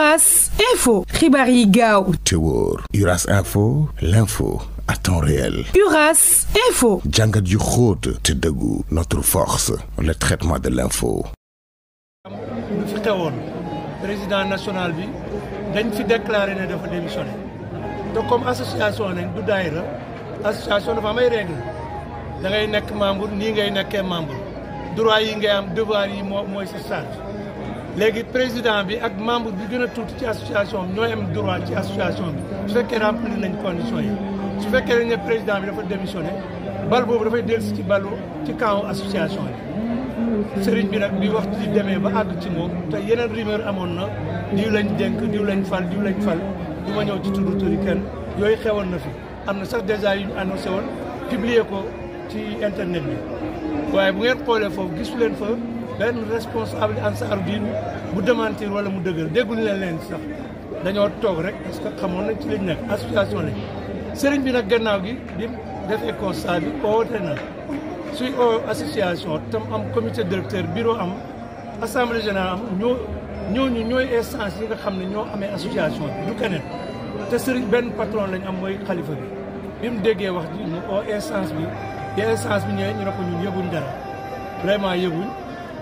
Uras Info Ribari Gao gaaw Uras Info l'info à temps réel Uras Info jàngat yu xóot te dëggu notre force le traitement de l'info Le président national bi dañ fi déclaré ne dafa Donc, comme association nañ du association de am et règle da ngay nekk membre ni ngay membre droit yi ngay am devoir yi ça. Les président bi ak membre bi tout ci association ñoo am droit ci association bi su fekkee conditions yi su fekkee président bi dafa démissionné bal boobu dafay l'association ci ci association bi sëriñ bi nag bi waxtu di demee ba àgg ci moom te yeneen rumeur amoon na diw lañ dénk diw lañ fal diw lañ fal du ma ci kenn yooyu xewoon na fi am sax déjà ñu annoncé woon publier ko ci internet bi waaye bu benn responsable ansaaru diin bu démentir wala mu dëgër dégguñu leen leen sax dañoo toog rek parce que xamoon nañ ci lañ nekk association lañ sëriñ bi nag gannaaw gi di defee constat bi oote na suy oo association tam am comité directeur bureau am assemblée générale am ñoo ñooñu ñooy instance yi nga xam ne ñoo amee association bi du keneen te sëriñ benn patron lañ am mooy xalifa bi bi mu déggee wax ji mu oo instance bi di instance bi ñëwee ñu ne ko ñun yëguñ dara vraiment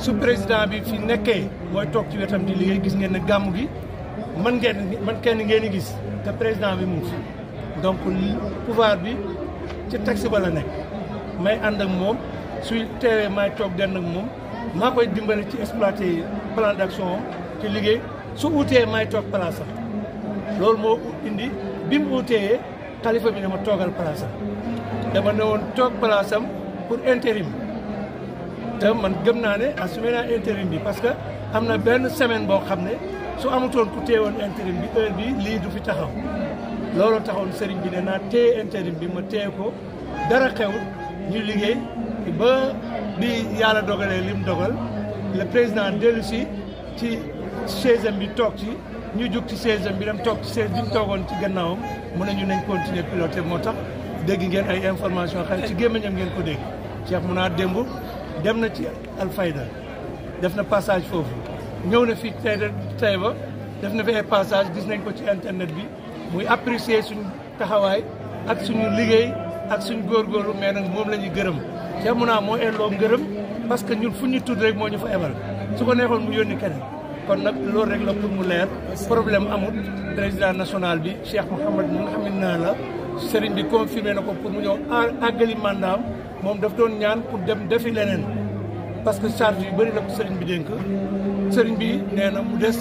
su président bi fi nekkee mooy toog ci wetam di liggéey gis ngeen ne gàmmu gi man ngeen man kenn ngeen di gis te président bi mu fi donc pouvoir bi ci taxi ba la nekk may ànd ak moom su teewee may toog denn moom maa koy dimbale ci exploiter plan d'action ci liggéey su utee may toog place loolu moo indi bim mu utee xalifa bi dama toogal place dama ne woon toog place am pour intérim te man gëm naa ne assumé naa intérim bi parce que am na benn semaine boo xam ne su amutoon ku téewoon intérim bi heure bi lii du fi taxaw looloo taxoon sëriñ bi ne naa téye intérim bi ma téye ko dara xew ñu liggéey ba bi yàlla dogalee lim dogal le président dellu si ci chaise bi toog ci ñu jug ci chaise bi dem toog ci chaise bi mu toogoon ci gannaawam mu ne ñu nañ continuer piloté moo tax dégg ngeen ay information xëy ci gémmiñam ngeen ko dégg Cheikh mu naa démb dem na ci Alfayda def na passage foofu ñëw na fi tey tey def na fi ay passage gis nañ ko ci internet bi muy apprécier suñu taxawaay ak suñu liggéey ak suñu góorgóorlu mais nag moom la ñuy gërëm te mun moo elloo gërëm parce que ñun fu ñu tudd rek moo ñu fa ebal su ko neexoon mu yónni keneen kon nag loolu rek la pour mu leer problème amul président national bi Cheikh Mouhamed mu nga xam ne naa la sëriñ bi confirmé na ko pour mu ñëw àggali mandaam moom daf doon ñaan pour dem defi leneen parce que charge bi bëri la ko sëriñ bi dénk sëriñ bi nee na mu des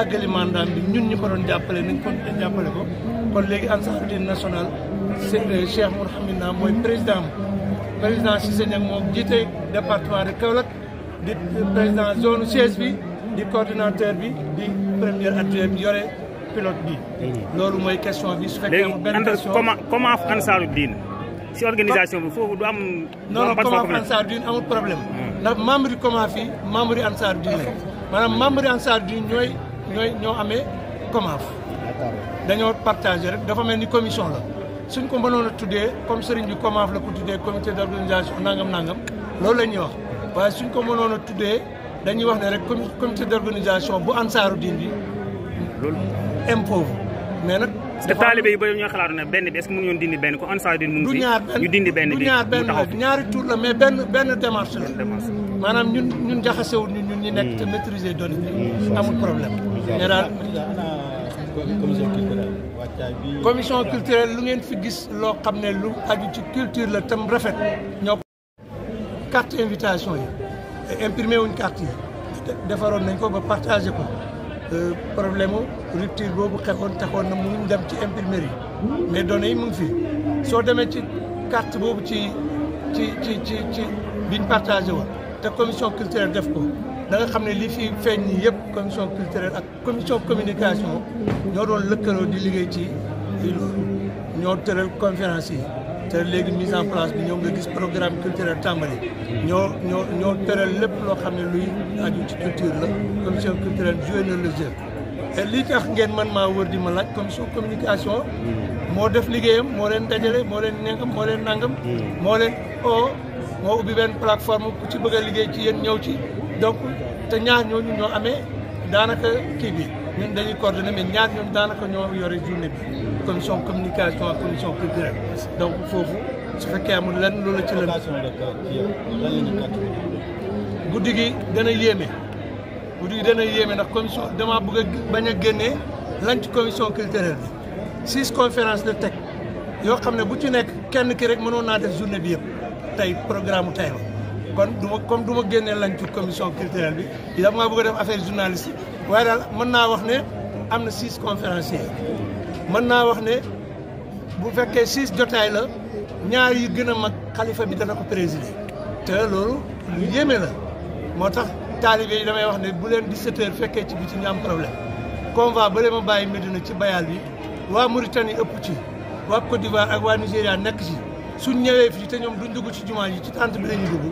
àggali bi ñun ñu ko doon jàppale nañ ko jàppale ko kon léegi Ansaarud-Din national euh, Cheikh Mouhamed Niang mooy président président Cissé Niang moom jiite département de Kaolack di euh, président zone siège bi di coordinateur bi di premier adjoint bi yore pilote bi mmh. loolu mooy question bi su fekkee benn question léegi comment comment si organisation bi foofu du am. non non comment Ansaar Dine amul problème. Hmm. ndax membre yi comment fii membre yi Ansaar Dine la maanaam membre yi Ansaar Dine ñooy ñooy ñoo amee comment. dañoo partagé rek dafa mel ni commission la suñ ko mënoon a tuddee comme sëriñ bi comment la ko tuddee comité d' organisation nangam nangam loolu la ñuy wax waaye suñ ko mënoon a tuddee dañuy wax ne rek comité d' organisation bu Ansaaru Dine di loolu impôt mais te que taalibe yi bëri ñoo xalaatu ne benn bi est-ce que mënuñu dindi benn ko Ansaarud-Din mu ngi dindi benn bi mu taxaw ñaari tour la mais benn benn démarche la maanaam ñun ñun jaxasewul ñun ñun ñi nekk te hmm. maîtriser données yi hmm. amul problème hmm. mais daal commission culturelle lu ngeen fi gis loo xam ne lu aju ci culture la tam rafet ñoo carte invitation yi imprimé wuñ carte yi defaroon nañ ko ba partagé ko Euh, problème mu rupture boobu xeexoon taxoon na mënuñ dem ci imprimerie mais données yi mu ngi fi soo demee ci carte boobu ci ci ci ci ci biñ partagé woon te commission culturelle def ko da xam ne li fi feeñ nii yëpp commission culturelle ak commission communication ñoo doon lëkkaloo di liggéey ci ñoo tëral conférence yi te léegi mise en place bi ñëw nga gis programme culturel tàmbali ñoo ñoo ñoo tëral lépp loo xam ne luy aju ci culture la commission culturelle joué na le jeu te lii tax ngeen man maa wër di ma kon commission communication moo def liggéeyam moo leen dajale moo leen nengam moo leen nangam moo leen oo moo ubbi benn plateforme ku ci bëgg liggéey ci yéen ñëw ci donc te ñaar ñooñu ñoo amee daanaka kii bi ñun dañuy coordonné mais ñaar ñoom daanaka ñoo yore journée bi commission communication ak commission culturelle donc foofu su fekkee amul lenn loolu ci la. guddi gi dana yéeme guddi gi dana yéeme ndax commission dama bëgg a bañ a génnee lan ci commission culturelle bi six conférences teg yoo xam ne bu ci nekk kenn ki rek mënoon naa def journée bi yëpp tey programme tey la kon du ma comme du ma génnee lan ci commission culturelle bi dama a def affaire journaliste waaye daal mën naa wax ne am na six conférenciers mën naa wax ne bu fekkee six jotaay la ñaar yu mag kalifa bi dana ko présider te loolu lu yéeme la moo tax taalibe yi damay wax ne bu leen 17 heures fekkee ci biti ci am problème convoi ba ma bàyyi Medina ci bayaal bi waa Mauritanie ëpp ci waa Côte d'Ivoire ak waa Nigéria nekk ci suñ ñëwee fii te ñoom duñ dugg ci jumaa yi ci tente bi la ñu dugg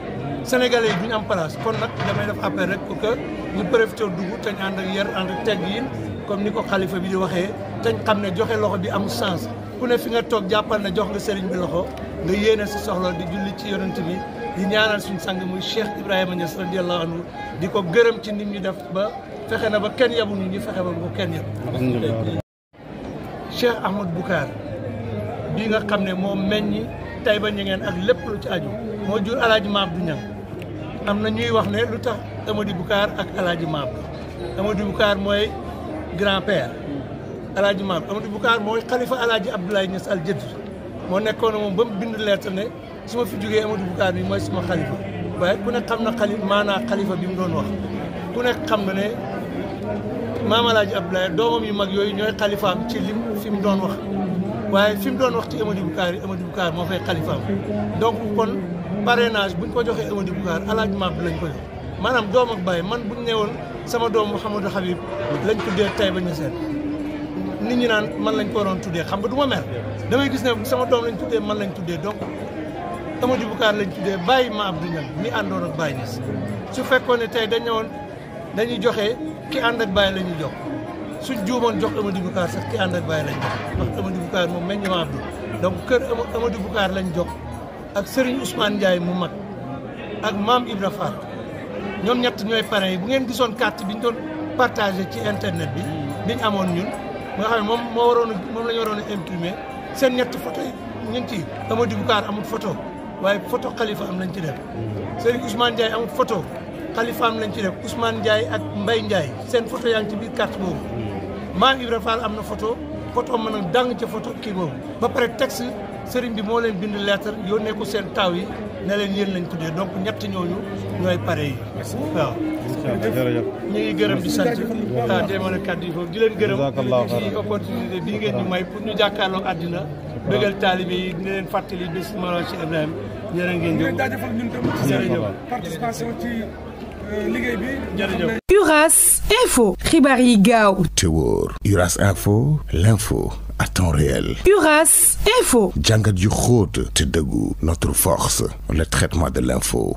sénégalais yi duñ am place kon nag damay def appel rek pour que ñu préfité dugg te ñu ànd ak yar ànd ak teggin comme ni ko xalifa bi di waxee te ñu xam ne joxe loxo bi amul sens ku ne fi nga toog jàppal ne jox nga sëriñ bi loxo nga yéene si soxla di julli ci yonent bi di ñaanal suñu sang muy Cheikh Ibrahima Niass radiyallahu anhu di ko gërëm ci nit ñi def ba fexe na ba kenn yabuñu ñu fexe ba bu kenn yab Cheikh Ahmad Boucar bii Taïba Niangène ak lépp lu ci aju moo jur alaaji maam du ñang am na ñuy wax ne lu tax Amady Bukaar ak alaaji maam Amady Bukaar mooy grand-père alaaji maam Amady Bukaar mooy xalifa alaaji Abdoulaye Niass al jëdd moo nekkoon moom ba mu bind leerta ne su fi jógee Amady Bukaar bi mooy suma xalifa waaye ku nekk xam na xali maanaa xalifa bi doon wax ku nekk xam na ne maam alaaji Abdoulaye doomam yu mag yooyu ñooy xalifaam ci lim fi mu doon wax waaye fi mu doon wax ci Amady Bukaar yi Amady Bukaar moo fay xalifaam donc kon parrainage buñ ko joxee Amady Bukaar alaaj maab lañ ko jox maanaam doom ak bàyyi man buñ ne woon sama doom Mouhamadou Habib lañ tuddee Taïba Niassène ni ñi naan man lañ ko waroon tuddee xam nga du ma mer damay gis ne sama doom lañ tuddee man lañ tuddee donc Amady Bukaar lañ tuddee bàyyi ma Abdou Niang mi àndoon ak bàyyi su fekkoon ne tey dañ ne dañuy joxe ki ànd ak bàyyi la ñuy jox suñ juumoon jox Amadou Boucar sax ki ànd ak Baye lañ jox ndax Amadou Boucar moom meññ maa bi donc kër Amadou Boucar lañ jox ak Serigne Ousmane Ndiaye mu mag ak Mame Ibra Fall ñoom ñett ñoo parrain yi bu ngeen gisoon carte bi ñu doon partagé ci internet bi biñ amoon ñun nga xam moom moo waroon moom la ñu waroon a imprimer seen ñett photo yi ñu ngi ci Amadou Boucar amul photo waaye photo Khalifa am lañ ci def Serigne Ousmane Ndiaye amul photo Khalifa am ci def Ousmane Ndiaye ak mbay Ndiaye seen photo yaa ci biir carte boobu maam Ibra Fall am na foto photo mën a dàng ca foto kii ba pare texte sëriñ bi moo leen bind lettre yónnee ko seen taw yi ne leen yéen lañ tuddee donc ñett ñooñu ñooy pare yi waaw ñu ngi gërëm di sant a téeméer kàddu yi foofu di leen gërëm ci opportunité bii ngeen ñu may pour ñu jàkkaarloo àddina bëggal taalibe yi dina leen fàttali bés Mawlana Cheikh Ibrahima ñërë ngeen jëf Uras Info Ribari Gao Uras Info l'info à temps réel Uras Info jàngat yu te notre force le traitement de l'info